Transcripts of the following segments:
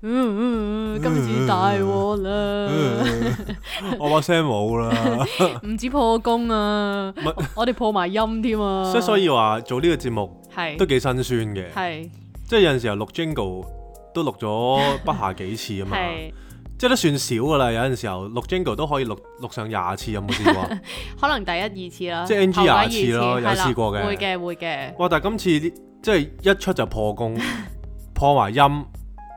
嗯嗯嗯，今次大鑊啦！我把聲冇啦，唔 止破功啊，不我哋破埋音添啊！即係所以話做呢個節目，都幾辛酸嘅。即係有陣時候錄 jingle 都錄咗不下幾次啊嘛，是即係都算少噶啦。有陣時候錄 jingle 都可以錄錄上廿次，有冇試過？ 可能第一二次啦，即係 NG 廿次咯，次了有試過嘅。會嘅會嘅。哇！但係今次即係一出就破功，破埋音。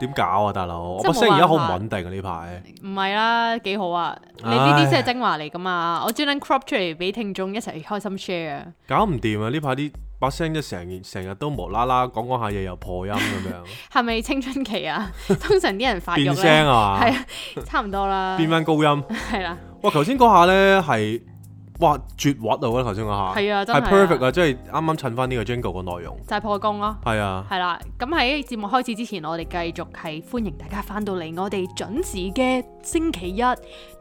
點搞啊大，大佬！把聲而家好唔穩定啊，呢排。唔係啦，幾好啊！你呢啲先係精華嚟噶嘛，唉我專登 crop 出嚟俾聽眾一齊開心、啊、share。啊。搞唔掂啊！呢排啲把聲一成日成日都無啦啦講講下嘢又破音咁樣。係咪青春期啊？通常啲人發音。 變聲啊！係啊，差唔多啦。 變翻高音。係 啦。哇！頭先嗰下咧係。哇！絕挖啊！我頭先講下，係啊，真係 perfect 啊，即係啱啱襯翻呢個 Jingle 嘅內容，就係破功咯。係啊，係啦、啊。咁喺節目開始之前，我哋繼續係歡迎大家翻到嚟我哋準時嘅星期一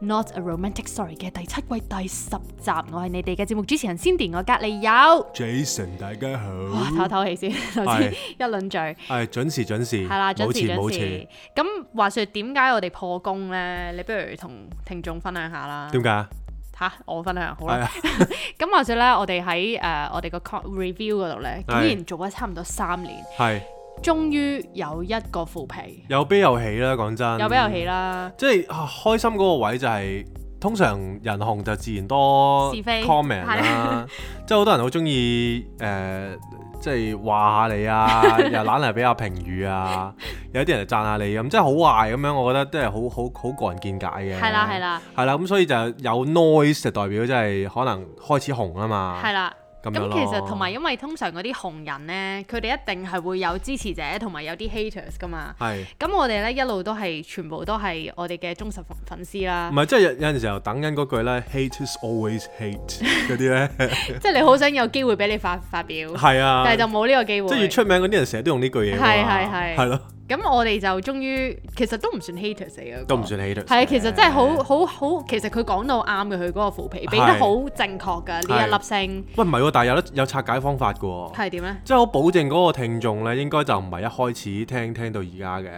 Not a Romantic Story 嘅第七季第十集。我係你哋嘅節目主持人，Cindy 我隔離有 Jason，大家好。哇！透透氣先，是一輪嘴係準時準時，係啦、啊，準時準時。咁話説點解我哋破功咧？你不如同聽眾分享下啦。點解？吓，我分享好啦。咁或者咧， 我哋喺誒我哋個 review 嗰度咧，竟然做咗差唔多三年，係是終於有一個腐皮，有悲有喜啦。講真，有悲有喜啦。即係、啊、開心嗰個位就係、是、通常人紅就自然多是非 comment 啦、啊，啊、即係好多人好鍾意誒。呃即係話下你啊， 又攬嚟俾下評語啊， 有啲人就讚下你咁，即係好壞咁樣，我覺得都係好好好個人見解嘅。係啦，係啦，係啦，咁、嗯、所以就有 noise 就代表即係可能開始紅啊嘛。係啦。咁其實同埋，因為通常嗰啲紅人咧，佢哋一定係會有支持者，同埋有啲 haters 噶嘛。係是。咁我哋咧一路都係全部都係我哋嘅忠實粉絲啦。唔係，即係有有陣時候等緊嗰句咧，haters always hate 嗰啲咧。 即係你好想有機會俾你發發表。係啊。但係就冇呢個機會。即係越出名嗰啲人，成日都用呢句嘢。係係係。係咯。咁我哋就終於其實都唔算 haters 嚟嘅、那個，都唔算 hater。係啊，其實真係好好好，其實佢講到啱嘅，佢嗰個腐皮俾是得好正確㗎，呢是一粒聲。喂，唔係喎，但係有得有拆解方法嘅喎。係點咧？即係我保證嗰個聽眾咧，應該就唔係一開始聽聽到而家嘅。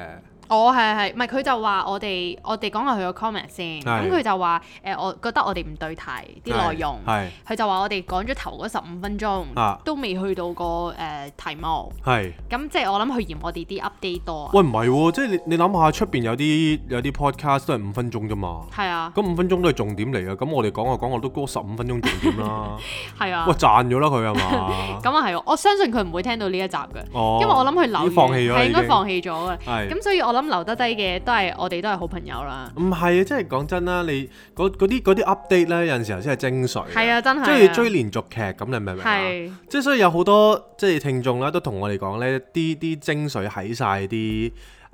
哦，係，係，唔係佢就話我哋我哋講下佢個 comment 先，咁佢就話誒我覺得我哋唔對題啲內容，佢就話我哋講咗頭嗰十五分鐘都未去到個誒題目，咁即係我諗佢嫌我哋啲 update 多。喂唔係，即係你你諗下出邊有啲有啲 podcast 都係五分鐘啫嘛，啊，咁五分鐘都係重點嚟嘅，咁我哋講下講啊都過十五分鐘重點啦，喂賺咗啦佢係嘛？咁啊係，我相信佢唔會聽到呢一集嘅，因為我諗佢諗，佢應該放棄咗嘅，咁所以我。我諗留得低嘅都係我哋都係好朋友啦。唔係啊，即係講真啦，你嗰啲啲 update 咧，有陣時候先係精髓。係啊，真係。即係追連續劇咁，你明唔明啊？係。即係所以有好多即係聽眾啦，都同我哋講咧，啲啲精髓喺晒啲。誒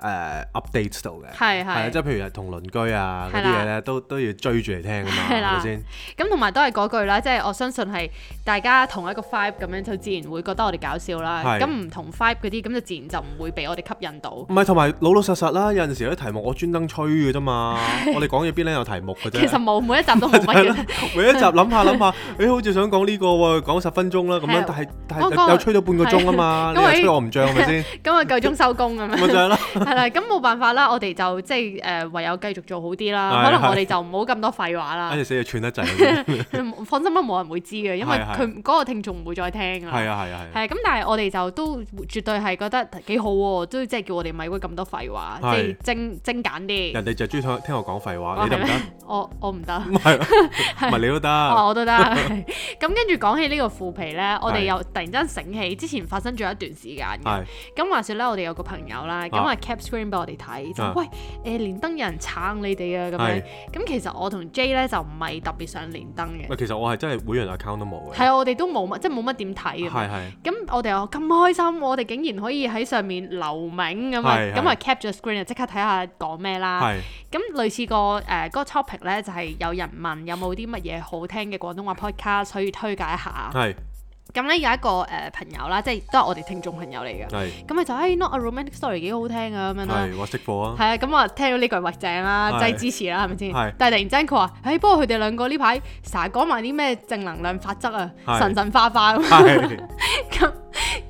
update 到嘅，係係，即係譬如同鄰居啊嗰啲嘢咧，都都要追住嚟聽啊嘛，係咪先？咁同埋都係嗰句啦，即係我相信係大家同一個 vibe 咁樣，就自然會覺得我哋搞笑啦。咁唔同 vibe 嗰啲，咁就自然就唔會俾我哋吸引到。唔係，同埋老老實實啦，有陣時有啲題目我專登吹嘅啫嘛。我哋講嘢邊咧有題目嘅啫。其實冇，每一集都冇。係啦，每一集諗下諗下，誒好似想講呢個喎，講十分鐘啦咁樣，但係但係又吹到半個鐘啊嘛，你又吹我唔脹係咪先？今日夠鐘收工咁樣啦。係啦，咁冇辦法啦，我哋就即係誒，唯有繼續做好啲啦。可能我哋就唔好咁多廢話啦。跟住死就串得滯。放心啦，冇人會知嘅，因為佢嗰個聽眾唔會再聽啦。係啊係啊係。係咁，但係我哋就都絕對係覺得幾好喎，都即係叫我哋咪係咁多廢話，即係精精簡啲。人哋就中意聽我講廢話，你得唔得？我我唔得。唔係，係你都得。我都得。咁跟住講起呢個腐皮咧，我哋又突然間醒起之前發生咗一段時間嘅。咁話説咧，我哋有個朋友啦，咁啊 screen 俾我哋睇，就、啊、喂，誒、呃、連登有人撐你哋啊咁樣，咁是的 其實我同 J 咧就唔係特別想連登嘅。其實我係真係會員 account 都冇嘅。係啊，我哋都冇乜，即係冇乜點睇咁。係係是的。咁我哋又咁開心，我哋竟然可以喺上面留名咁啊，咁啊 capture screen 啊，即刻睇下講咩啦。係。咁類似過、呃那個誒嗰個 topic 咧，就係、是、有人問有冇啲乜嘢好聽嘅廣東話 podcast，所以推介下。係。咁咧有一個誒朋友啦，即係都係我哋聽眾朋友嚟㗎。咁佢就誒 Not a romantic story 幾好聽啊咁樣啦。係我識貨啊。係啊，咁我聽到呢句話正啦，即係支持啦，係咪先？但係突然間佢話：誒不過佢哋兩個呢排成日講埋啲咩正能量法則啊，神神化化咁。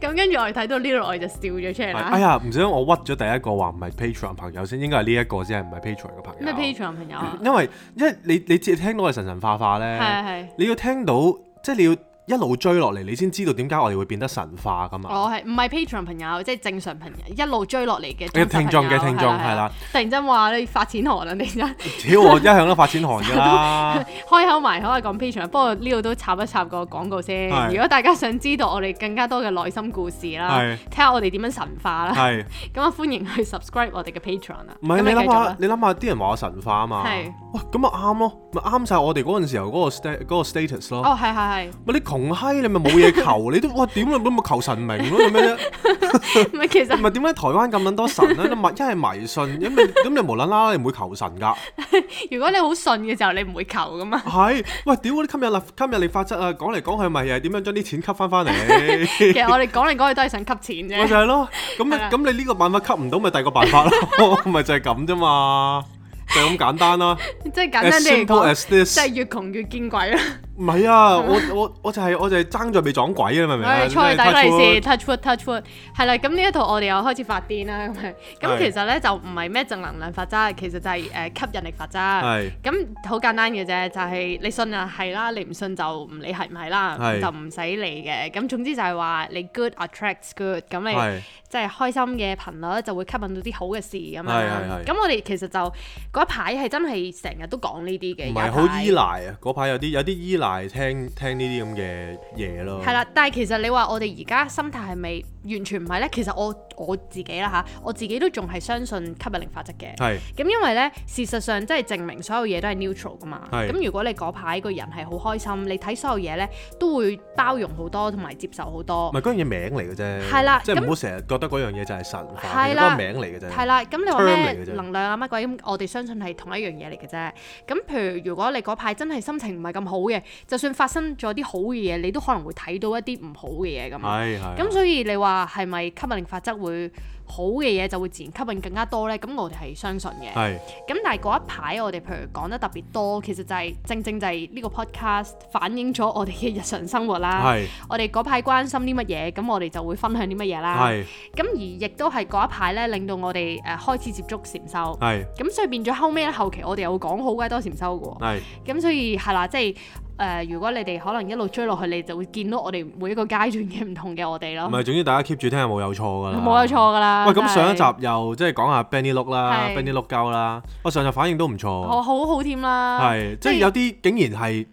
咁跟住我哋睇到呢度就笑咗出嚟啦。哎呀，唔知我屈咗第一個話唔係 Patreon 朋友先，應該係呢一個先係唔係 Patreon 嘅朋友？咩 Patreon 朋友？因為因為你你只聽到係神神化化咧，你要聽到即係你要。一路追落嚟，你先知道點解我哋會變得神化噶嘛？我係唔係 Patreon 朋友，即係正常朋友一路追落嚟嘅。聽眾嘅聽眾係啦。突然之間話你發錢寒啦，突然之間，屌，我一向都發錢寒㗎啦。開口埋口係講 Patreon，不過呢度都插一插個廣告先。如果大家想知道我哋更加多嘅內心故事啦，睇下我哋點樣神化啦，咁啊歡迎去 subscribe 我哋嘅 Patreon 啊。唔係你諗下，你諗下啲人話我神化啊嘛？係。哇，咁啊啱咯，咪啱晒我哋嗰陣時候嗰個 status 咯。哦，係係係。窮閪，你咪冇嘢求，你都哇點啊，都冇求神明咯，做咩啫？唔係，其實唔係，點解台灣咁捻多神咧？一係迷信，一係咁你無啦啦，你唔會求神噶。如果你好信嘅時候，你唔會求噶嘛。係，喂，屌嗰啲今日啦，今日你法則啊，講嚟講去咪係點樣將啲錢吸翻翻嚟？其實我哋講嚟講去都係想吸錢啫。咪就係咯，咁啊，咁你呢個辦法吸唔到，咪第二個辦法咯，咪就係咁啫嘛，就咁簡單啦。即係簡單啲，即係越窮越見鬼啦。唔係啊！我我我就係我就係爭咗未撞鬼啦，明唔明啊？大吉利是 touch wood touch wood 係啦，咁呢一套我哋又開始發癲啦咁樣。咁其實咧就唔係咩正能量法則，其實就係誒吸引力法則。係。咁好簡單嘅啫，就係你信啊係啦，你唔信就唔理係唔係啦，就唔使理嘅。咁總之就係話你 good attracts good，咁你即係開心嘅頻率就會吸引到啲好嘅事咁樣，係、係。咁我哋其實就一排係真係成日都講呢啲嘅。唔係好依賴啊！排有啲有啲依賴。係聽聽呢啲咁嘅嘢咯。係啦，但係其實你話我哋而家心態係咪完全唔係咧？其實我我自己啦嚇、啊，我自己都仲係相信吸引力法則嘅。係。咁因為咧，事實上即係證明所有嘢都係 neutral 㗎嘛。係。咁如果你嗰排個人係好開心，你睇所有嘢咧都會包容好多同埋接受好多。咪嗰樣嘢名嚟嘅啫。係啦。即係唔好成日覺得嗰樣嘢就係神，係啦，嗰個名嚟㗎啫。係啦。咁你話咩能量啊乜鬼咁，我哋相信係同一樣嘢嚟嘅啫。咁譬如如果你嗰排真係心情唔係咁好嘅。就算發生咗啲好嘅嘢，你都可能會睇到一啲唔好嘅嘢咁。咁係係。所以你話係咪吸引力法則會好嘅嘢就會自然吸引更加多呢？咁我哋係相信嘅。係。咁但係嗰一排我哋譬如講得特別多，其實就係正正就係呢個 podcast 反映咗我哋嘅日常生活啦。係係。我哋嗰排關心啲乜嘢，咁我哋就會分享啲乜嘢啦。係。咁而亦都係嗰一排呢，令到我哋誒開始接觸禪修。係。咁所以變咗後尾後期我，我哋又講好多禪修嘅。係。咁所以係啦，即係。誒，如果你哋可能一路追落去，你就會見到我哋每一個階段嘅唔同嘅我哋咯。唔係，總之大家 keep 住聽，冇有錯㗎啦。冇有錯㗎啦。喂、欸，咁上一集又即係講下 Benny Look 啦的，Benny Look 交啦。我上集反應都唔錯。哦，好好添啦。係，即係有啲竟然係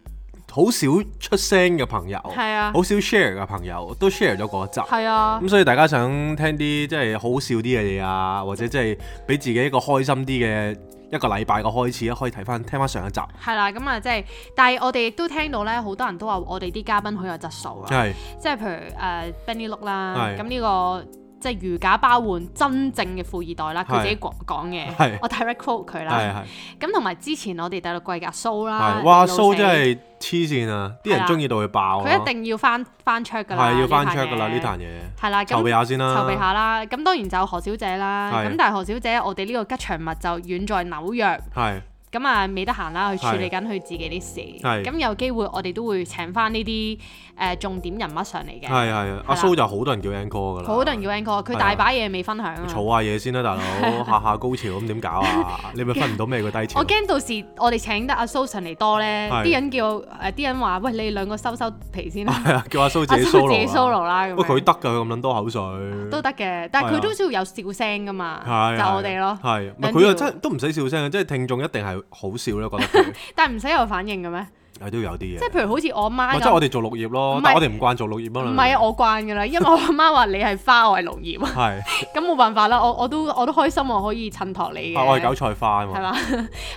好少出聲嘅朋友，係啊的，好少 share 嘅朋友都 share 咗嗰一集。係啊的。咁所以大家想聽啲即係好笑啲嘅嘢啊，或者即係俾自己一個開心啲嘅。一個禮拜嘅開始咧，可以睇翻聽翻上一集。係啦，咁啊，即係，但係我哋亦都聽到咧，好多人都話我哋啲嘉賓好有質素啊。係的，即係譬如誒、呃、Benny Luk 啦，咁呢的、這個。即係如假包換，真正嘅富二代啦，佢自己講講嘅，我 direct quote 佢啦。係係。咁同埋之前我哋第六季嘅阿蘇啦，哇蘇真係黐線啊！啲人中意到佢爆，佢一定要翻翻 check 㗎啦，係要翻 check 㗎啦呢壇嘢。係啦，籌備下先啦，籌備下啦。咁當然就何小姐啦。咁但係何小姐，我哋呢個吉祥物就遠在紐約。係。咁啊，未得閒啦，去處理緊佢自己啲事。係。咁有機會我哋都會請翻呢啲誒重點人物上嚟嘅。係係啊，阿蘇就好多人叫 encore 㗎啦。好多人叫 encore，佢大把嘢未分享。儲下嘢先啦，大佬，下下高潮咁點搞啊？你咪分唔到咩個低潮。我驚到時我哋請得阿蘇上嚟多咧，啲人叫誒，啲人話喂，你兩個收收皮先啦。係啊，叫阿蘇自己 solo 啦。阿蘇自己 solo 啦，喂，佢得㗎？佢咁撚多口水。都得嘅，但係佢都需要有笑聲㗎嘛。係啊。就我哋咯。係。唔係佢又真係都唔使笑聲嘅，即係聽眾一定係。好笑咧，覺得佢，但係唔使有反應嘅咩？誒都有啲嘅，即係譬如好似我媽即係我哋做綠葉咯，我哋唔慣做綠葉咯。唔係啊，我慣噶啦，因為我阿媽話你係花，我係綠葉啊。係，咁冇辦法啦，我我都我都開心我可以襯托你，我係韭菜花喎。係嘛，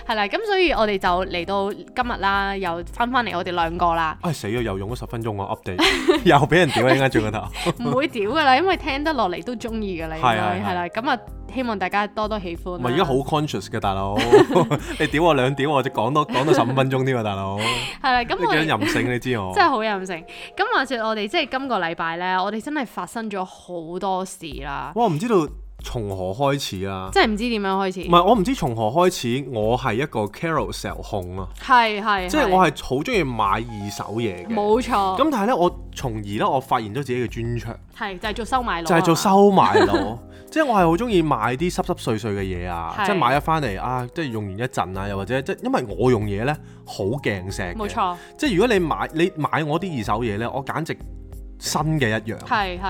係啦，咁所以我哋就嚟到今日啦，又翻翻嚟我哋兩個啦。死咗又用咗十分鐘啊，update 又俾人屌啦，依家仲覺得？唔會屌噶啦，因為聽得落嚟都中意噶啦，係係係啦。咁啊，希望大家多多喜歡。唔係而家好 conscious 嘅大佬，你屌我兩屌，我仲講多講多十五分鐘添啊，大佬。係啦，咁我任性，你知我， 真係好任性。咁話說我，我哋即係今個禮拜咧，我哋真係發生咗好多事啦。我唔知道。從何開始啊？即係唔知點樣開始。唔係，我唔知從何開始。我係一個 Carousell 控咯、啊。係係，即係我係好中意買二手嘢嘅。冇錯。咁但係呢，我從而呢，我發現咗自己嘅專長。係就係、是、做收買佬。就係做收買佬。是嗎 即係我係好中意買啲濕濕碎碎嘅嘢啊，是啊！即係買咗翻嚟啊！即係用完一陣啊，又或者即係因為我用嘢呢，好鏡石。冇錯。即係如果你買你買我啲二手嘢呢，我簡直，新嘅一樣，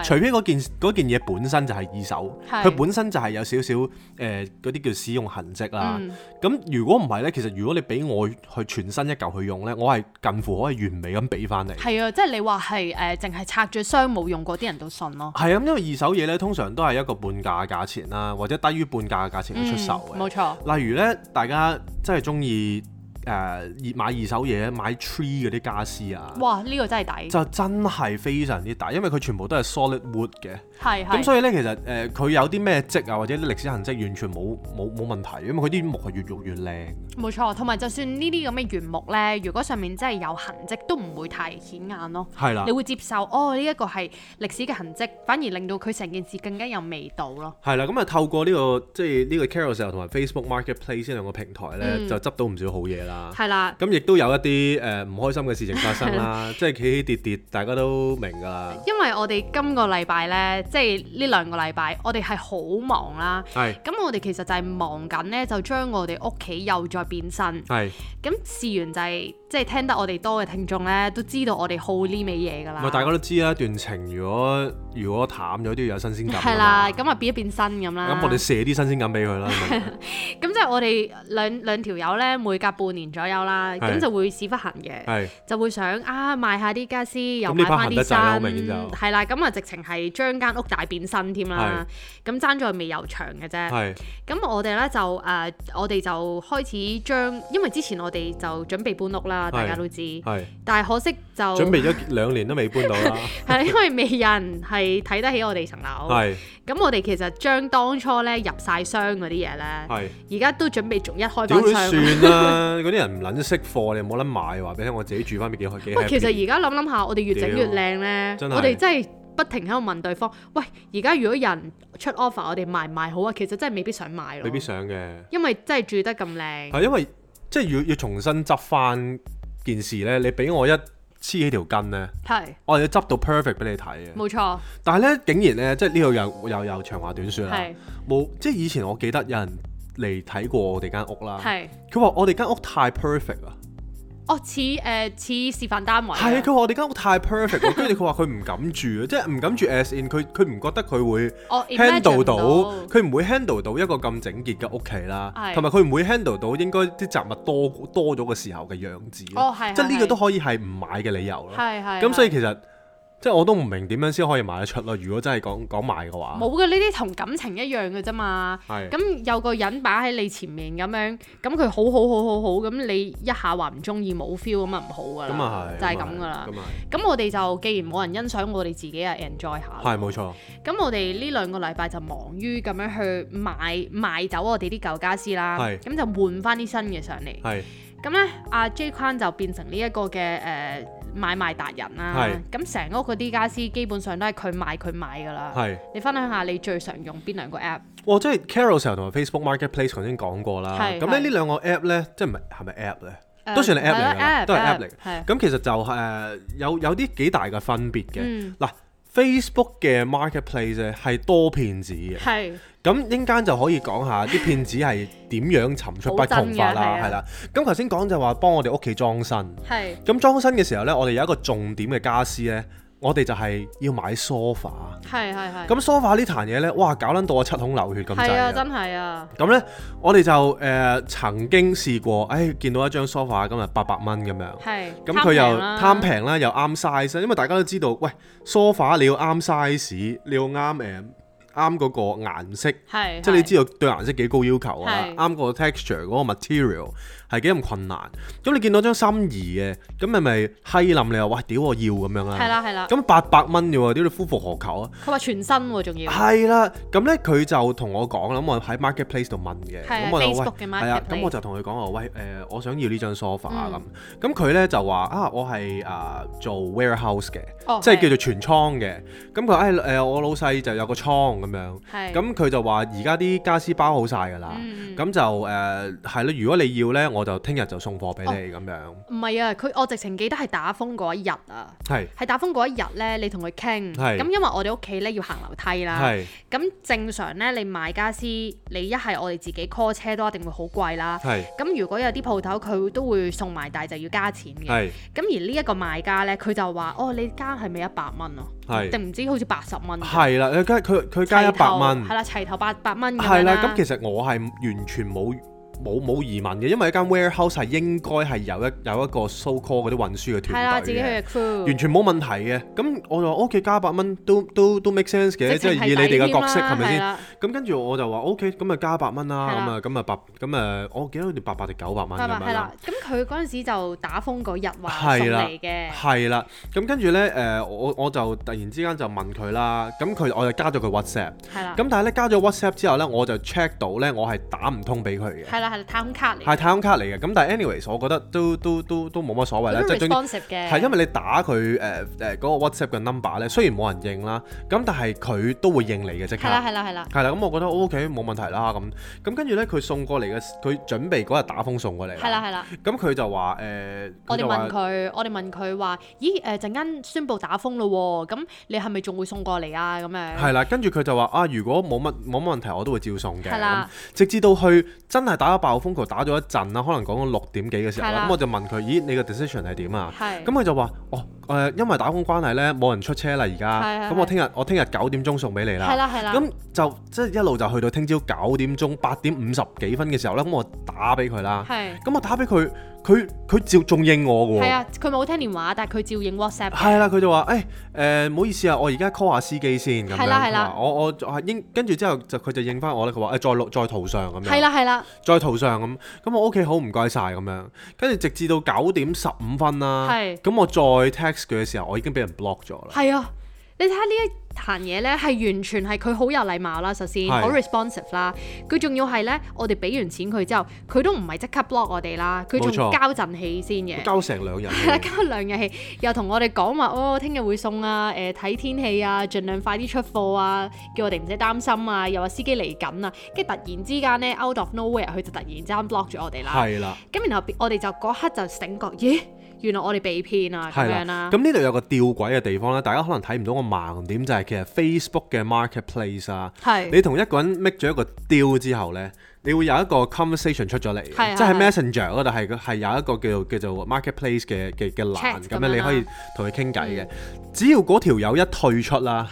除非嗰件嗰件嘢本身就係二手，佢是本身就係有少少誒嗰啲叫使用痕跡啦。咁、嗯、如果唔係呢？其實如果你俾我去全新一嚿去用呢，我係近乎可以完美咁俾翻你。係啊，即係你話係誒、淨、呃、係拆咗箱冇用過啲人都信咯。係啊，因為二手嘢呢，通常都係一個半價價錢啦，或者低於半價嘅價錢去出售嘅。冇錯、嗯。例如呢，大家真係中意，誒、uh, 買二手嘢，買 tree 嗰啲傢俬啊！哇，呢、呢個真係抵！就真係非常之抵，因為佢全部都係 solid wood 嘅。係係。咁所以咧，其實誒佢、呃、有啲咩跡啊，或者啲歷史痕跡，完全冇冇冇問題，因為佢啲木係越用越靚。冇錯，同埋就算呢啲咁嘅原木咧，如果上面真係有痕跡，都唔會太顯眼咯。係啦。你會接受？哦，呢、呢、一個係歷史嘅痕跡，反而令到佢成件事更加有味道咯。係啦，咁啊，透過呢、呢個即係呢個 Carousell 同埋 Facebook Marketplace 呢兩個平台咧，嗯、就執到唔少好嘢啦。係啦，咁亦都有一啲誒唔開心嘅事情發生啦，即係 起起跌跌，大家都明噶啦。因為我哋今個禮拜咧，即係呢兩個禮拜，我哋係好忙啦。咁的我哋其實就係忙緊咧，就將我哋屋企又再變身。咁事緣就係即係聽得我哋多嘅聽眾咧，都知道我哋好呢味嘢噶啦。大家都知啦，一段情如果如果淡咗都要有新鮮感。係啦，咁啊變一變新咁啦。咁我哋射啲新鮮感俾佢啦。咁即係我哋兩兩條友咧，每隔，一隔一半年。年左右啦，咁就會屎忽痕嘅，就會想啊賣下啲傢俬，又買翻啲衫，係啦，咁啊直情係將間屋大變身添啦。咁爭在未有牆嘅啫。咁我哋咧就誒，我哋就開始將，因為之前我哋就準備搬屋啦，大家都知。係。但係可惜就準備咗兩年都未搬到啦。係因為未人係睇得起我哋層樓。咁我哋其實將當初咧入晒箱嗰啲嘢咧，而家都準備逐一開翻箱。點啲人唔撚識貨，你冇撚買，話俾聽我自己住翻，咪幾開幾 happy。喂，其實而家諗諗下，我哋越整越靚咧，我哋真係不停喺度問對方。喂，而家如果人出 offer，我哋賣唔賣好啊？其實真係未必想賣咯。未必想嘅，因為真係住得咁靚。係因為即係要要重新執翻件事咧，你俾我一黐起條筋咧，係的我哋要執到 perfect 俾你睇啊。冇錯。但係咧，竟然咧，即係呢個又又又長話短説啦。係冇的，即係以前我記得有人。嚟睇過我哋間屋啦，佢話係我哋間屋太 perfect 啦，哦似誒似示範單位，係啊，佢話我哋間屋太 perfect，跟住佢話佢唔敢住啊，即係唔敢住 as in 佢佢唔覺得佢會、oh, imagine handle 到，佢唔到會 handle 到一個咁整潔嘅屋企啦，同埋佢唔會 handle 到應該啲雜物多多咗嘅時候嘅樣子，哦係、oh，即係呢個都可以係唔買嘅理由咯，係係，咁所以其實。即係我都唔明點樣先可以賣得出咯。如果真係講講賣嘅話，冇嘅呢啲同感情一樣嘅啫嘛。咁的有個人擺喺你前面咁樣，咁佢好好好好好，咁你一下話唔中意冇 feel，咁啊唔好㗎啦。就係咁㗎啦。咁我哋就既然冇人欣賞，我哋自己係 enjoy 下。係冇錯。咁我哋呢兩個禮拜就忙於咁樣去賣賣走我哋啲舊傢俬啦。係的。咁就換翻啲新嘅上嚟。係的。咁咧，阿、啊、J 框就變成呢一個嘅誒。呃買賣達人啦、啊，咁成是屋嗰啲家私基本上都係佢買佢買噶啦。係是，你分享下你最常用邊兩個 app？哇，即係 Carol 成日同我 Facebook Marketplace 頭先講過啦。係，咁咧呢兩個 app 咧，即係唔係係咪 app 咧？都算係 app 嚟嘅，都係 app 嚟。係，咁其實就係、是、誒、uh, 有有啲幾大嘅分別嘅。嗱、uh, 嗯。Facebook 嘅 marketplace 咧係多騙子嘅，係。咁陣間就可以講下啲騙子係點樣尋出不同法啦，係啦。咁頭先講就話幫我哋屋企裝身，係咁的裝身嘅時候呢，我哋有一個重點嘅傢俬呢。我哋就係要買 sofa，係係係。咁 sofa 呢壇嘢咧，哇搞撚到我七孔流血咁滯啊！真係啊！咁咧，我哋就誒、呃、曾經試過，誒、哎、見到一張 sofa 今日八百蚊咁樣，係是，咁佢又貪平啦，又啱 size，因為大家都知道，喂 sofa 你要啱 size，你要啱 M。啱嗰個顏色，即係你知道對顏色幾高要求啊！啱個 texture 嗰個 material 係幾咁困難。咁你見到張心儀嘅，咁咪咪閪冧你話哇屌我要咁樣啊！係啦係啦，咁八百蚊嘅喎，屌你夫復何求啊！佢話全新喎，仲要係啦。咁咧佢就同我講，諗我喺 marketplace 度問嘅，咁我就喂，係啊，咁我就同佢講話喂誒，我想要呢張 sofa 咁。咁佢咧就話啊，我係啊做 warehouse 嘅，即係叫做全倉嘅。咁佢誒誒，我老細就有個倉。咁樣，咁佢是就話而家啲家私包好晒㗎啦，咁、嗯、就誒係啦。如果你要咧，我就聽日就送貨俾你咁樣。唔係、哦、啊，佢我直情記得係打風嗰一日啊，係係是打風嗰一日咧，你同佢傾，咁是因為我哋屋企咧要行樓梯啦，咁是正常咧你買家私你一係我哋自己 call 車都一定會好貴啦，咁是如果有啲鋪頭佢都會送埋，但係就要加錢嘅，咁是而買呢一個賣家咧佢就話哦，你加係咪一百蚊啊？定唔 知好似八十蚊？係啦，佢佢佢加一百蚊，係啦，齊頭八百蚊。係啦，咁其實我係完全冇。冇冇疑問嘅，因為一間 warehouse 係應該係有一有一個 so call 嗰啲運輸嘅團隊嘅，完全冇問題嘅。咁我就話 O、OK, K 加百蚊都都都 make sense 嘅，即係以你哋嘅角色係咪先？咁跟住我就話 O K，咁啊加百蚊啦，咁啊咁啊百咁啊，我記得佢八百定九百蚊咁樣啦。咁佢嗰陣時就打風嗰日話嚟嘅，係啦。咁跟住咧誒，我我就突然之間就問佢啦。咁佢我就加咗佢 WhatsApp，咁的、嗯、但係咧加咗 WhatsApp 之後咧，我就 check 到咧我係打唔通俾佢嘅。的係、啊、太空卡嚟，係太空卡嚟嘅。咁 但係 anyways，我覺得都都都都冇乜所謂啦。即係係因為你打佢誒誒嗰個 WhatsApp 嘅 number 咧，雖然冇人應啦，咁但係佢都會應你嘅即係。係啦係啦係啦。係啦，咁我覺得 OK，冇問題啦。咁咁跟住咧，佢送過嚟嘅，佢準備嗰日打風送過嚟。係啦係啦。咁佢就話誒、呃，我哋問佢，我哋問佢話，咦誒，陣、啊、間宣佈打風咯喎，咁、啊嗯、你係咪仲會送過嚟啊？咁樣。係啦，跟住佢就話啊，如果冇乜冇乜問題，我都會照送嘅。係啦了。直至到去真係打爆風球打咗一陣啦，可能講到六點幾嘅時候啦，咁是、啊嗯、我就問佢：咦，你嘅 decision 係點啊？咁佢是、啊嗯、就話：哦，誒、呃，因為打工關係咧，冇人出車啦而家，咁是、啊嗯、我聽日是、啊、我聽日九點鐘送俾你啦。咁、啊啊嗯、就即係一路就去到聽朝九點鐘八點五十幾分嘅時候咧，咁、嗯、我打俾佢啦。咁是、啊嗯、我打俾佢。佢佢照仲應我嘅喎，係啊，佢冇聽電話，但係佢照應 WhatsApp，係啦，佢、啊、就話誒誒，唔、哎呃、好意思啊，我而家 call 下司機先，係啦係啦，我我應跟住之後就佢就應返我咧，佢話誒在路在途上咁，係啦係啦，在途上咁，咁我屋企好唔該晒咁樣，跟住、啊啊、直至到九點十五分啦，係、啊，咁我再 text 佢嘅時候，我已經俾人 block 咗啦，係啊，你睇下呢一行嘢咧，係完全係佢好有禮貌啦。首先是，好 responsive 啦，佢仲要係咧，我哋俾完錢佢之後，佢都唔係即刻 block 我哋啦，佢仲錯交陣氣先嘅，交成兩日，係啦，交兩日氣，又同我哋講話，哦，聽日會送啊，誒、呃，睇天氣啊，盡量快啲出貨啊，叫我哋唔使擔心啊，又話司機嚟緊啊，跟住突然之間咧，out of nowhere，佢就突然之間 block 住我哋啦，係啦的，咁然後我哋就嗰刻就醒覺咦？原來我哋被騙啊，咁樣啦、啊。咁呢度有個吊詭嘅地方咧，大家可能睇唔到個盲點就係、是、其實 Facebook 嘅 Marketplace 啊，是你同一個人 make 咗一個 deal 之後咧，你會有一個 conversation 出咗嚟，是是是即係 Messenger 咯、啊，但係係有一個叫做叫做 Marketplace 嘅嘅嘅欄咁 Check 樣、啊，你可以同佢傾偈嘅。嗯、只要嗰條友一退出啦。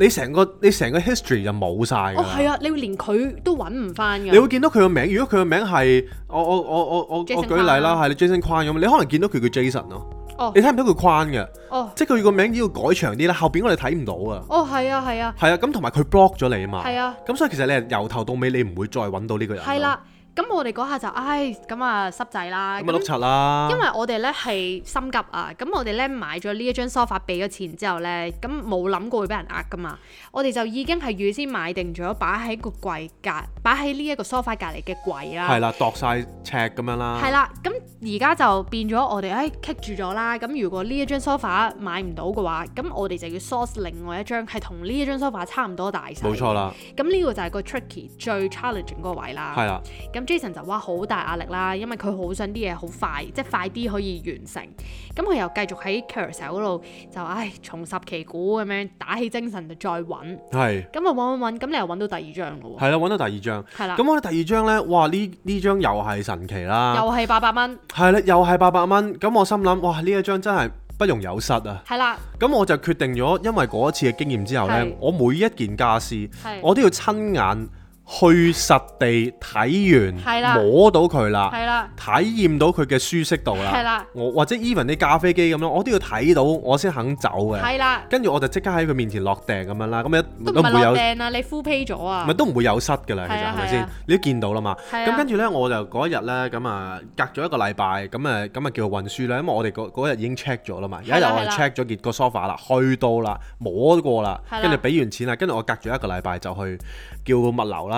你成個你成個 history 就冇晒㗎。哦，係啊，你會連佢都揾唔翻㗎。你會見到佢個名，如果佢個名係我我我我 Jason 我舉例啦，係你 Ha an Jason 框咁，你可能見到佢叫 Jason 咯。哦，你睇唔到佢框嘅。哦，即係佢個名要改長啲啦，後邊我哋睇唔到、哦、啊。哦，係啊，係啊。係啊，咁同埋佢 block 咗你啊嘛。係啊。咁所以其實你係由頭到尾你唔會再揾到呢個人。係啦、啊。咁我哋嗰下就，唉，咁啊濕仔啦，碌柒啦！因為我哋咧係心急啊，咁我哋咧買咗呢一張梳 o f 俾咗錢之後咧，咁冇諗過會俾人呃噶嘛，我哋就已經係預先買定咗，擺喺個櫃格，打喺呢一個 sofa 隔離嘅櫃啦，係啦，度晒尺咁樣啦，係啦，咁而家就變咗我哋唉棘住咗啦。咁如果呢一張 sofa 買唔到嘅話，咁我哋就要 source 另外一張係同呢一張 sofa 差唔多大細，冇錯啦。咁呢個就係個 tricky 最 challenging 嗰位啦。係啦的，咁 Jason 就哇好大壓力啦，因為佢好想啲嘢好快，即係快啲可以完成。咁佢又繼續喺 Carousel 度就唉重拾旗鼓咁樣打起精神就再揾，係的。咁啊揾揾揾，咁你又揾到第二張咯喎，係啦，揾到第二張。係啦，咁我哋第二張呢，哇！呢，呢張又係神奇啦，又係八百蚊，係啦，又係八百蚊。咁我心諗，哇！呢一張真係不容有失啊。係啦的，咁我就決定咗，因為嗰一次嘅經驗之後呢，的我每一件家私，的我都要親眼。去實地睇完，摸到佢啦，體驗到佢嘅舒適度啦。我或者 even 啲咖啡機咁樣，我都要睇到我先肯走嘅。跟住我就即刻喺佢面前落訂咁樣啦。咁樣都唔會有。都唔落訂啊！你 full pay 咗啊？唔係都唔會有失㗎啦，其實係咪先？你都見到啦嘛。咁跟住咧，我就嗰一日咧咁啊，隔咗一個禮拜咁啊，咁啊叫運輸啦。因為我哋嗰日已經 check 咗啦嘛，一家又係 check 咗件個 sofa 啦，去到啦，摸過啦，跟住俾完錢啦，跟住我隔咗一個禮拜就去叫物流啦。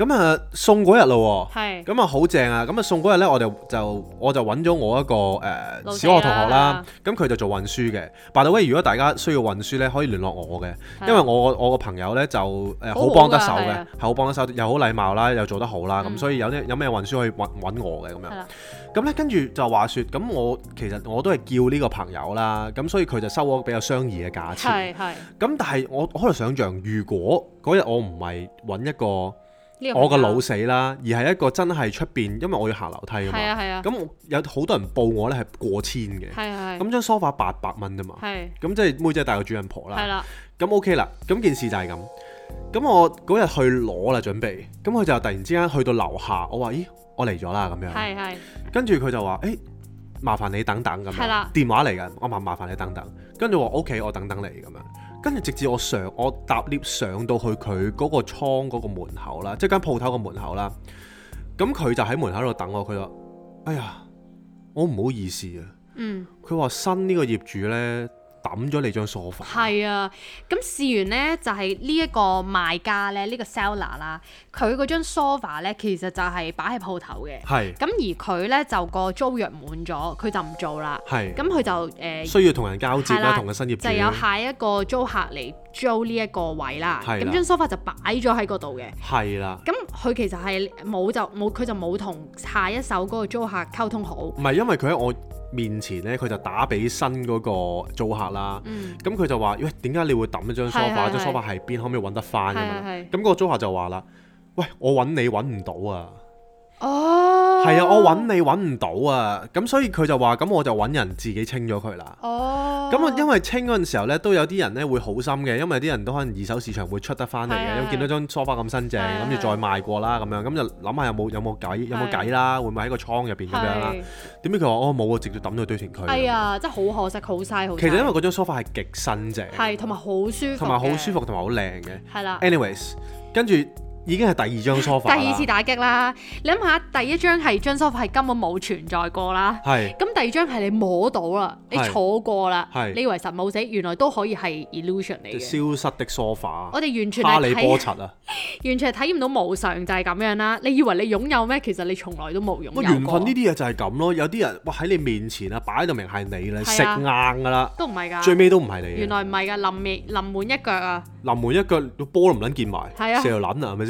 咁啊送嗰日咯，咁啊好正啊！咁啊送嗰日咧，我就就我就揾咗我一個誒、呃、小學同學啦，咁佢、啊、就做運輸嘅。by the way，如果大家需要運輸咧，可以聯絡我嘅，啊、因為我我個朋友咧就誒好幫得手嘅，係好幫得手，又好禮貌啦，又做得好啦，咁、啊、所以有啲有咩運輸可以揾揾我嘅咁樣。咁咧跟住就話說，咁我其實我都係叫呢個朋友啦，咁所以佢就收我比較相宜嘅價錢。咁、嗯啊、但係我，我可能想象，如果嗰日我唔係揾一個。我個老死啦，而係一個真係出邊，因為我要下樓梯啊嘛。咁、啊、有好多人報我咧係過千嘅。咁、啊、張梳化八百蚊啫嘛。咁、啊、即係妹仔帶個主人婆啦。咁、啊、OK 啦。咁件事就係咁。咁我嗰日去攞啦，準備。咁佢就突然之間去到樓下，我話：咦，我嚟咗啦咁樣。啊、跟住佢就話：誒，麻煩你等等咁。係啦。電話嚟嘅，我話：麻煩你等等。跟住我 OK，我等等你咁樣。跟住直至我上，我搭 lift 上到去佢嗰個倉嗰個門口啦，即係間鋪頭個門口啦。咁佢就喺門口度等我，佢話：哎呀，我唔好意思啊。嗯。佢話新呢個業主咧，抌咗你張 sofa。係啊，咁試完咧就係呢一個賣家咧，呢、呢個 seller 啦，佢嗰張 sofa 咧，其實就係擺喺鋪頭嘅。係是。咁而佢咧就個租約滿咗，佢就唔做啦。係是。咁佢就誒、呃、需要同人交接啦，啊、同個新業主。就有下一個租客嚟租呢一個位啦。係、啊。咁張 sofa 就擺咗喺嗰度嘅。係啦、啊。咁佢其實係冇就冇，佢就冇同下一手嗰個租客溝通好。唔係，因為佢喺我。面前咧，佢就打俾新嗰個租客啦。咁佢、嗯、就話，喂，點解你會揼一張梳化？張梳化喺邊？可唔可以揾得翻㗎嘛？咁個租客就話啦，喂，我揾你揾唔到啊！哦，係啊、oh.，我揾你揾唔到啊，咁所以佢就話咁我就揾人自己清咗佢啦。哦、oh.，咁啊，因為清嗰陣時候咧，都有啲人咧會好心嘅，因為啲人都可能二手市場會出得翻嚟嘅，的因為見到張梳 o 咁新淨，諗住的再賣過啦咁樣，咁就諗下有冇有冇計，有冇計啦，的會唔會喺個倉入邊咁樣啦？點知佢話我冇啊，直接抌咗堆屯佢。係啊，真係好可惜，好晒好。其實因為嗰張 s o f 係極新淨，係同埋好舒服，同埋好舒服同埋好靚嘅。係啦的，anyways，跟住。已經係第二張梳化，第二次打擊啦！你諗下，第一張係張梳化係根本冇存在過啦。係。咁第二張係你摸到啦，你坐過啦，你以為實冇死，原來都可以係 illusion 嚟嘅。消失的梳化，我哋完全係睇唔到無常，就係咁樣啦。你以為你擁有咩？其實你從來都冇擁有過。緣份呢啲嘢就係咁咯，有啲人哇喺你面前啊，擺到明係你啦，食硬噶啦，都唔係㗎。最尾都唔係你。原來唔係㗎，臨末臨門一腳啊！臨門一腳，個波都唔撚見埋，射又撚啊，係咪？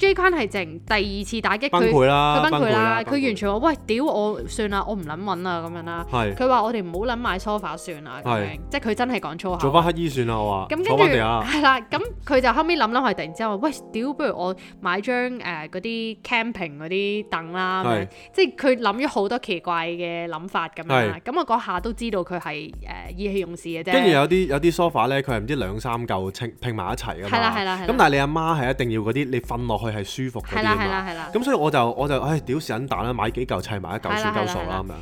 J 關係剩第二次打擊佢，佢崩潰啦，佢完全話喂，屌我算啦，我唔撚搵啦咁樣啦。佢話我哋唔好撚買 sofa 算啦，係即係佢真係講粗口。做翻乞衣算啦，我話。咁跟住係啦，咁佢就後尾諗諗係突然之間喂屌，不如我買張誒嗰啲 camping 嗰啲凳啦，即係佢諗咗好多奇怪嘅諗法咁樣。咁我嗰下都知道佢係誒意氣用事嘅啫。跟住有啲有啲 sofa 咧，佢係唔知兩三嚿拼埋一齊咁，但係你阿媽係一定要嗰啲你瞓落去。係舒服嗰啲啊嘛，咁所以我就我就唉屌屎捻蛋啦，買幾舊砌埋一舊算鳩數啦咁樣。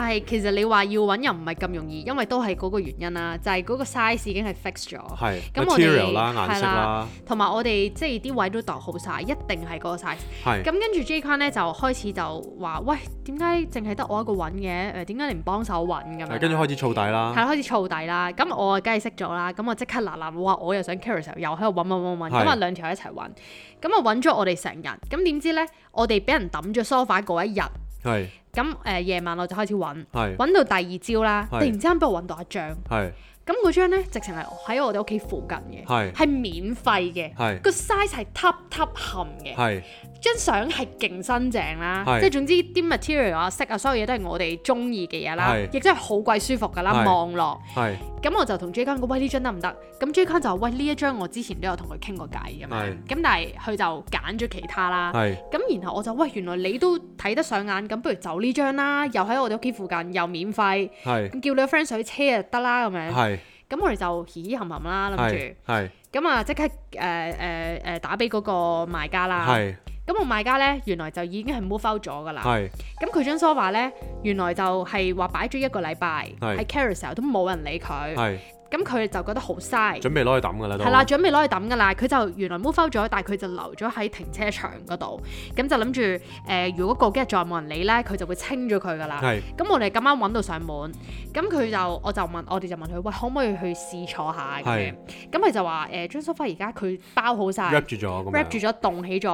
但係其實你話要揾又唔係咁容易，因為都係嗰個原因啦，就係、係、嗰個 size 已經係 fix 咗。咁係我哋係啦，同埋我哋即係啲位都度好晒，一定係嗰個 size 係。咁跟住 J 康呢就開始就話：喂，點解淨係得我一個揾嘅？誒，點解你唔幫手揾，咁跟住開始燥底啦。係啦，開始燥底啦。咁我啊，梗係識咗啦。咁我即刻嗱嗱，哇！我又想 care 嘅時候又喺度揾揾揾揾，咁啊係兩條友一齊揾，咁啊揾咗我哋成日。咁點知呢？我哋俾人抌咗 sofa 嗰一日。咁誒夜晚我就開始揾，揾是到第二朝啦，是突然之間畀我揾到一張，咁嗰是張咧直情係喺我哋屋企附近嘅，係是免費嘅，是個 size 係塔塔含嘅。張相係勁新淨啦，即係總之啲 material 啊、色啊，所有嘢都係我哋中意嘅嘢啦，亦即係好鬼舒服㗎啦，望落。係，咁我就同 J 康講，喂，呢張得唔得？咁 J 康就，喂，呢一張我之前都有同佢傾過偈咁樣，咁但係佢就揀咗其他啦。係，咁然後我就喂，原來你都睇得上眼，咁不如走呢張啦，又喺我哋屋企附近，又免費，咁叫你個 friend 上車就得啦，咁樣。係，咁我哋就嘻嘻含含啦，諗住。係，咁啊即刻誒誒誒打俾嗰個賣家啦。咁個賣家咧，原來就已經係 move out 咗㗎啦。係是，咁佢張梳化咧，原來就係話擺咗一個禮拜喺 Carousel< 是>都冇人理佢。係。咁佢就覺得好嘥，準備攞去抌噶啦，係啦，準備攞去抌噶啦。佢就原來 move 翻咗，但係佢就留咗喺停車場嗰度。咁就諗住誒，如果過幾日再冇人理咧，佢就會清咗佢噶啦。係的。咁我哋咁啱揾到上門，咁佢就我就問我哋就問佢喂，可唔可以去試坐下嘅？咁佢的就話誒，張 sofa 而家佢包好晒，wrap 住咗，wrap 住咗，凍起咗。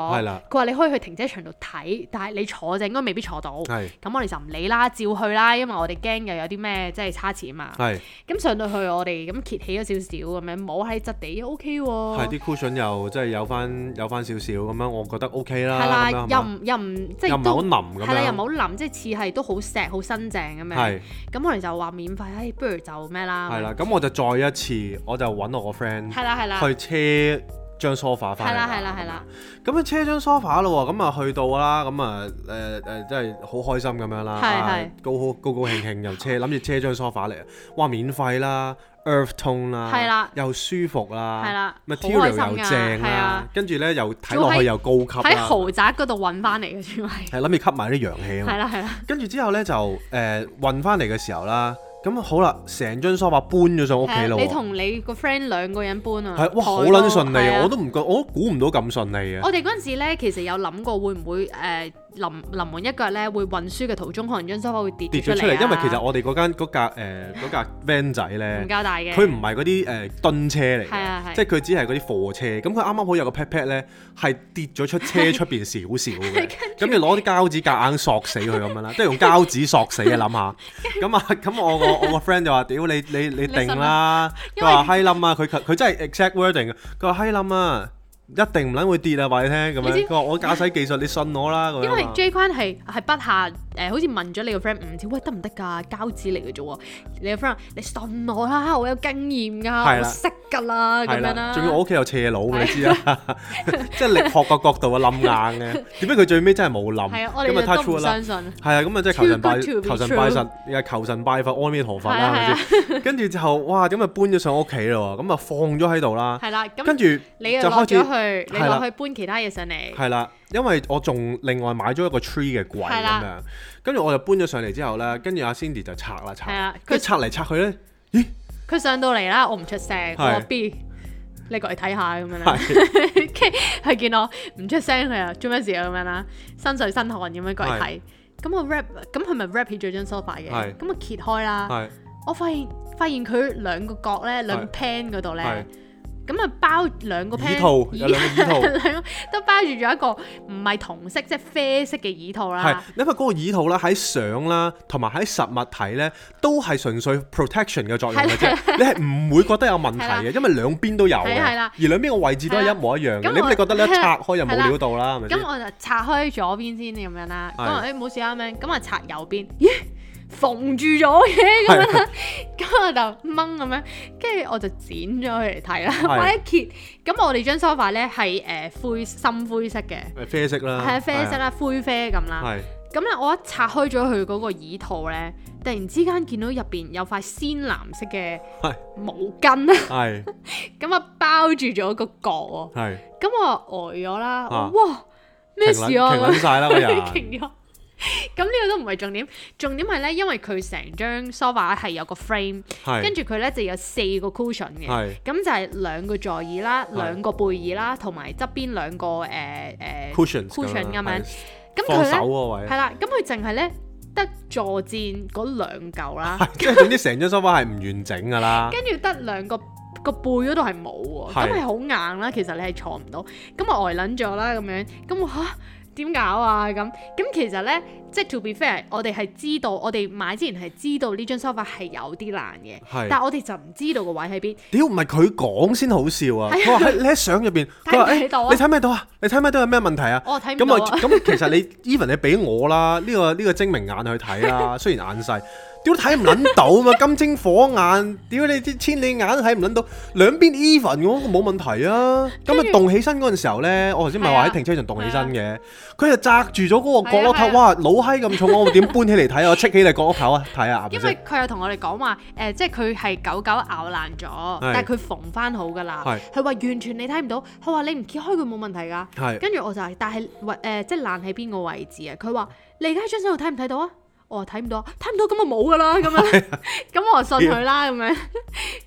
佢話的你可以去停車場度睇，但係你坐就應該未必坐到。係的。咁的我哋就唔理啦，照去啦，因為我哋驚又有啲咩即係差錢嘛，啊。係的。咁上到去我哋。咁揭起咗少少咁樣，摸喺質地 OK 喎。係啲 cushion 又真係有翻有翻少少咁樣，我覺得 OK 啦。係啦的吧，又唔又唔即係都係啦，又唔好腍，即係似係都好石好新淨咁樣。係的。咁我哋就話免費，誒、哎，不如就咩啦？係啦，咁我就再一次，我就揾我個 friend。係啦係啦。去車。張梳化 f a 翻，係啦係啦係啦，咁啊，啊，啊車張梳化 f a 咯，咁啊去到，呃呃、啦，咁啊誒誒，真係好開心咁樣啦，係係，高高高興興 又車，諗住車張梳化嚟啊，哇！免費啦，Earth tone 啦，啊，又舒服啦，係啦，啊，咪材料又正啦，跟住咧又睇落去又高級喺豪宅嗰度運翻嚟嘅，主要係諗住吸埋啲陽氣嘛，係啦係啦，跟住之後咧就誒，呃、運翻嚟嘅時候啦。咁、嗯、好啦，成張梳化搬咗上屋企咯。你同你個 friend 兩個人搬啊？係、啊，哇，好撚路順利是啊我！我都唔覺，我都估唔到咁順利啊！我哋嗰陣時咧，其實有諗過會唔會誒？呃臨臨門一腳咧，會運輸嘅途中可能張 sofa 會跌跌咗出嚟，因為其實我哋嗰架誒架 van 仔咧唔夠大嘅，佢唔係嗰啲誒敦車嚟嘅，即係佢只係嗰啲貨車。咁佢啱啱好有個 pat pat 咧，係跌咗出車出邊少少嘅，咁你攞啲膠紙夾硬索死佢咁樣啦，即係用膠紙索死嘅諗下。咁啊，咁我個我個 friend 就話：屌你你你定啦，佢話嗨冧啊，佢佢真係 exact wording，佢話嗨冧啊。一定唔撚會跌啊！話你聽咁樣，佢話我駕駛技術，你信我啦咁樣。因為 J 君係係筆下誒，好似問咗你個 friend 唔知，喂得唔得㗎？膠紙嚟嘅啫喎，你個 friend，你信我啦，我有經驗㗎，我識㗎啦咁樣啦。仲要我屋企有斜佬，你知啦，即係力學個角度啊，冧硬嘅。點解佢最尾真係冇冧？係啊，我哋又咁相信。係啊，咁啊真係求神拜求神拜神，又求神拜佛，阿彌陀佛啦。係啊。跟住之後，哇！咁啊搬咗上屋企啦，咁啊放咗喺度啦。係啦。跟住你就開始。你落去搬其他嘢上嚟，係啦， 因為我仲另外買咗一個 tree 嘅櫃咁樣，跟住我就搬咗上嚟之後咧，跟住阿 Cindy 就拆啦拆啦，佢拆嚟拆去咧，咦、欸？佢上到嚟啦，我唔出聲，我 B，是你過嚟睇下咁樣咧，係，係見咯，唔出聲佢啊，做咩事啊咁樣啦，身水身汗咁的樣過嚟睇，咁、so、的我 rap 咁佢咪 rap 喺最張 sofa 嘅，咁啊揭開啦，的我發現發現佢兩個角咧，兩個 pan 嗰度咧。咁啊，包兩個耳套，有兩個耳套，都包住咗一個唔係同色，即係啡色嘅耳套啦。係，因為嗰個耳套啦，喺相啦，同埋喺實物睇咧，都係純粹 protection 嘅作用嘅啫。是的 你係唔會覺得有問題嘅，是的 因為兩邊都有，嘅，是的 而兩邊嘅位置都係一模一樣嘅。咁你唔覺得咧，拆開又冇料到啦？咁我就拆開左邊先咁樣啦。咁誒冇事啱啱，咁啊拆右邊。 縫住咗嘅咁樣啦，咁我就掹，咁樣，跟住我就剪咗佢嚟睇啦，我一揭。咁我哋張梳 o f 咧係誒灰深灰色嘅，誒啡色啦，係啡色啦，灰啡咁啦。係。咁咧我一拆開咗佢嗰個椅套咧，突然之間見到入邊有塊鮮藍色嘅毛巾啦。係。咁啊包住咗個角喎。係。咁我呆咗啦！哇，咩事啊？傾攬曬啦，嗰人。咁呢個都唔係重點，重點係咧，因為佢成張梳化係有個 frame，跟住佢咧，就有四個 cushion 嘅，咁就係兩個座椅啦，兩個背椅啦，同埋側邊兩個誒誒 cushion cushion 咁樣，咁佢咧係啦，咁佢淨係咧得坐墊嗰兩嚿啦，跟住總之成張梳化係唔完整噶啦跟住得兩個個背嗰度係冇，咁係好硬啦，其實你係坐唔到，咁我呆捻咗啦咁樣，咁吓。點搞啊？咁咁其實咧，即係 to be fair，我哋係知道，我哋買之前係知道呢張梳化係有啲爛嘅，但係我哋就唔知道個位喺邊。屌，唔係佢講先好笑啊！佢話喺你喺相入邊，佢話誒，你睇唔睇到啊？你睇咩到有咩問題啊？我睇唔到。咁啊， 咁其實你 Even 你俾我啦，呢個、呢個精明眼去睇啦，啊，雖然眼細。 屌，睇唔捻到嘛，金睛火眼，屌你啲千里眼睇唔捻到，兩邊 even 我冇問題啊。咁啊，棟起身嗰陣時候咧，我頭先咪係話喺停車場棟起身嘅，佢就擲住咗嗰個角落頭，哇老閪咁重，我點搬起嚟睇啊？我戚起你角落頭啊？睇下，因為佢又同我哋講話，誒，即係佢係狗狗咬爛咗，但係佢縫翻好噶啦。佢話完全你睇唔到，佢話你唔揭開佢冇問題㗎。跟住我就，但係誒，即係爛喺邊個位置啊？佢話你而家喺張相度睇唔睇到啊？我話睇唔到，睇唔到咁就冇噶啦，咁啊，咁 我就信佢啦，咁 樣，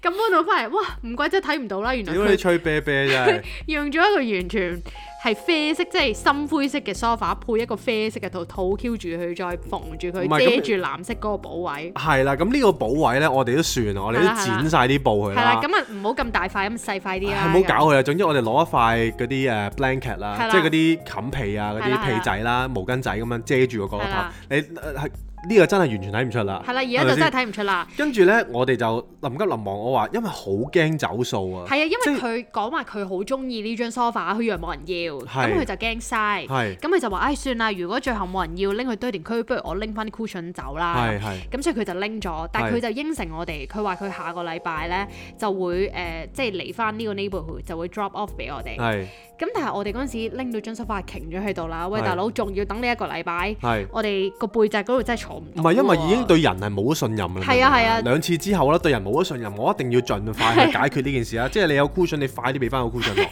咁攞到翻嚟，哇，唔怪真係睇唔到啦， 原來。屌你吹吹啤啤咋，用咗一個完全。係啡色，即係深灰色嘅 sofa，配一個啡色嘅套套，挑住佢，再縫住佢，遮住藍色嗰個補位。係啦，咁呢個補位咧，我哋都算，我哋都剪晒啲布去。啦。係啦，咁啊唔好咁大塊，咁細塊啲啦、啊。唔好搞佢啊！總之我哋攞一塊嗰啲誒 blanket 啦了，即係嗰啲冚被啊，嗰啲被仔啦了，毛巾仔咁樣遮住個角落頭了你誒、呃呢個真係完全睇唔出啦，係啦，而家就真係睇唔出啦。跟住咧，我哋就臨急臨忙，我話因為好驚走數啊。係啊，因為佢講話佢好中意呢張梳化。佢以為冇人要，咁佢就驚晒。咁佢就話，唉，算啦，如果最後冇人要，拎去堆填區，不如我拎翻啲 cushion 走啦。咁所以佢就拎咗，但係佢就應承我哋，佢話佢下個禮拜咧就會誒，即係嚟翻呢個 neighborhood 就會 drop off 俾我哋。咁但係我哋嗰陣時拎到張梳化停咗喺度啦，喂大佬，仲要等呢一個禮拜？我哋個背脊嗰度真係嘈。唔係，因為已經對人係冇咗信任啦。係啊係啊，兩次之後咧，對人冇咗信任，我一定要盡快去解決呢件事啦。即係你有 cushion，你快啲俾翻個 cushion 落。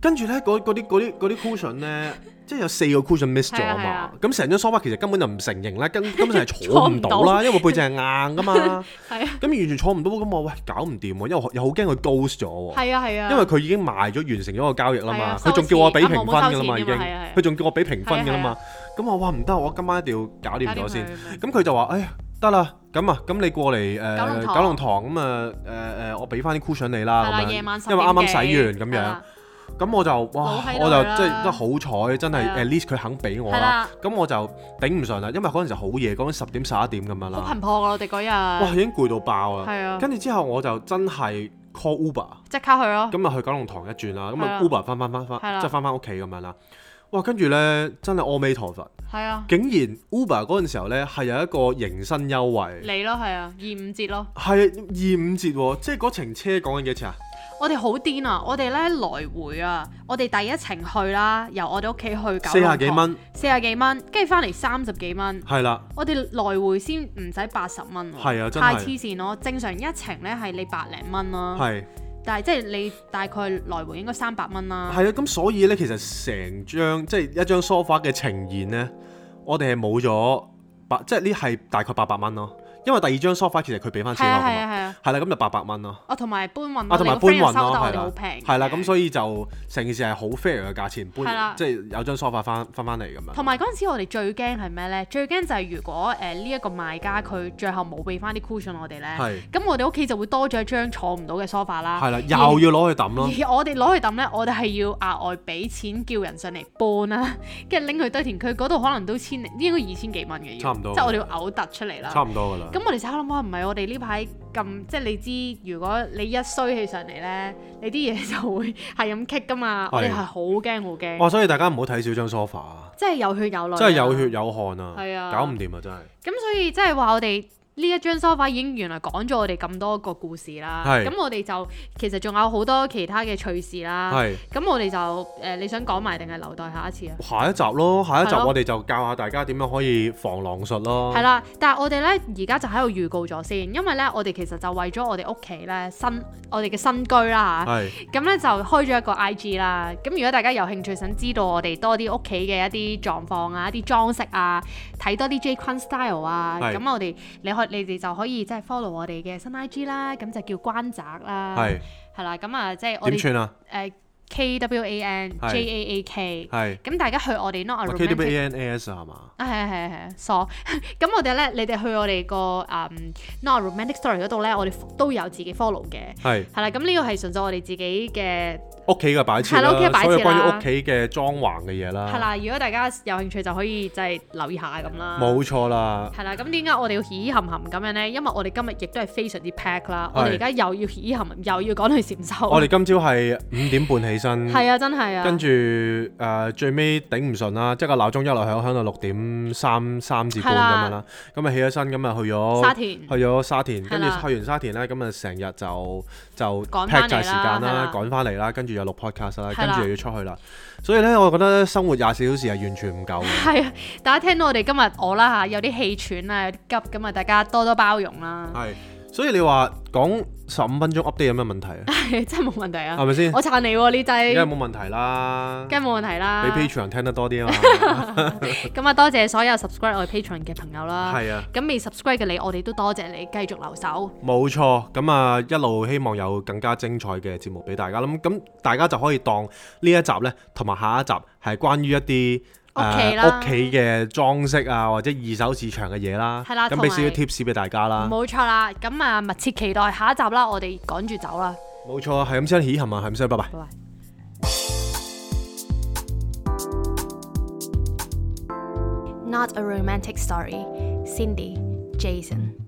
跟住咧，嗰啲啲啲 cushion 咧，即係有四個 cushion miss 咗啊嘛。咁成張 sofa 其實根本就唔成形啦，根根本就係坐唔到啦，因為背脊係硬噶嘛。係啊。咁完全坐唔到咁我，喂，搞唔掂喎，因為又好驚佢 ghost 咗喎。係啊係啊。因為佢已經賣咗完成咗個交易啦嘛，佢仲叫我俾評分噶啦嘛，已經，佢仲叫我俾評分噶啦嘛。咁我話唔得，我今晚一定要搞掂咗先。咁佢就話：哎呀，得啦，咁啊，咁你過嚟誒九龍塘咁啊誒誒，我俾翻啲 cushion 你啦，因為啱啱洗完咁樣。咁我就哇，我就即係得好彩，真係 at least 佢肯俾我啦。咁我就頂唔上啦，因為嗰陣時好夜，嗰陣十點十一點咁樣啦。好貧破我哋嗰日。哇！已經攰到爆啊。跟住之後我就真係 call Uber，即刻去咯。咁啊，去九龍塘一轉啦，咁啊，Uber 翻翻翻翻，即係翻翻屋企咁樣啦。哇！跟住呢，真係阿彌陀佛，係啊，竟然 Uber 嗰陣時候呢，係有一個迎新優惠，你咯係啊，二五折咯，係、啊、二五折，即係嗰程車講緊幾錢啊？我哋好癲啊！我哋呢來回啊，我哋第一程去啦，由我哋屋企去九龍塘，四廿幾蚊，四廿幾蚊，跟住翻嚟三十幾蚊，係啦、啊，我哋來回先唔使八十蚊，係啊，真係太黐線咯！正常一程呢，係你百零蚊咯，係、啊。但係即係你大概來回應該三百蚊啦。係啊，咁所以咧，其實成張即係一張 sofa 嘅呈現咧，我哋係冇咗百，即係呢係大概八百蚊咯。因為第二張 sofa 其實佢俾翻錢咯。是的是的。係啦，咁就八百蚊咯。哦，同埋搬運，我哋 friend 收到係好平。係啦，咁所以就成件事係好 fair 嘅價錢搬，即係有張梳化翻翻翻嚟咁樣。同埋嗰陣時，我哋最驚係咩咧？最驚就係如果誒呢一個賣家佢最後冇俾翻啲 cushion 我哋咧，咁我哋屋企就會多咗一張坐唔到嘅梳化啦。係啦，又要攞去揼咯。而我哋攞去揼咧，我哋係要額外俾錢叫人上嚟搬啦，跟住拎去堆填區嗰度，可能都千，應該二千幾蚊嘅。差唔多。即係我哋要嘔突出嚟啦。差唔多㗎啦。咁我哋就喺度諗，唔係我哋呢排。咁、嗯、即係你知，如果你一衰起上嚟呢，你啲嘢就會係咁棘噶嘛，是我哋係好驚好驚。哇！所以大家唔好睇少張 sofa 啊，即係有血有淚啊，真係有血有汗啊，係啊，搞唔掂啊，真係。咁所以即係話我哋。呢一張 sofa 已經原來講咗我哋咁多個故事啦，咁是我哋就其實仲有好多其他嘅趣事啦，咁是我哋就誒、呃、你想講埋定係留待下一次啊？下一集咯，下一集我哋就教下大家點樣可以防狼術咯。係啦，但係我哋咧而家就喺度預告咗先，因為咧我哋其實就為咗我哋屋企咧新我哋嘅新居啦嚇，咁咧就開咗一個 IG 啦，咁如果大家有興趣想知道我哋多啲屋企嘅一啲狀況啊、一啲裝飾啊、睇多啲 J Queen style 啊，咁是我哋你可以。你哋就可以即係 follow 我哋嘅新 IG 啦，咁就叫關閘啦，係是啦，咁啊即係我哋誒。呃 K W A N J A A K 係，咁大家去我哋 n o k W A N A S 啊係嘛？啊係係係 sorry 咁我哋咧，你哋去我哋個嗯 not romantic story 嗰度咧，我哋都有自己 follow 嘅。係，係啦。咁呢個係純粹我哋自己嘅屋企嘅擺設啦，屋企嘅擺設啦。關於屋企嘅裝潢嘅嘢啦。係啦，如果大家有興趣就可以就係留意下咁啦。冇錯啦。係啦，咁點解我哋要嘻嘻含含咁樣咧？因為我哋今日亦都係非常之 pack 啦。我哋而家又要嘻嘻含，又要趕去禪修。我哋今朝係五點半起。係、嗯嗯、啊，真係啊。跟住誒，最尾頂唔順啦，即係個鬧鐘一路響響到六點三三至半咁樣啦。咁啊起咗身，咁啊去咗沙田，去咗沙田。跟住、啊、去完沙田咧，咁啊成日就就劈曬時間啦，啊、趕翻嚟啦。跟住又錄 podcast 啦、啊，跟住又要出去啦。所以咧，我覺得生活廿四小時係完全唔夠嘅。係啊，大家聽到我哋今日我啦嚇，有啲氣喘啊，有啲急咁啊，大家多多包容啦。係、啊。所以你話講十五分鐘 update 有咩問， 問題啊？真係冇問題啊！係咪先？我撐你喎呢劑，梗係冇問題啦，梗係冇問題啦。俾 Patreon 聽得多啲啊嘛！咁啊，多謝所有 subscribe 我 Patreon 嘅朋友啦。係啊，咁未 subscribe 嘅你，我哋都多謝你繼續留守。冇錯，咁啊一路希望有更加精彩嘅節目俾大家啦。咁大家就可以當呢一集咧，同埋下一集係關於一啲。屋企啦，屋企嘅裝飾啊，或者二手市場嘅嘢啦，咁俾少少 tips 俾大家啦。冇錯啦，咁啊密切期待下一集啦，我哋趕住走啦。冇錯啊，係咁先，起行啊，係咁先，拜拜，拜，拜。Not a romantic story，Cindy Jason。嗯。a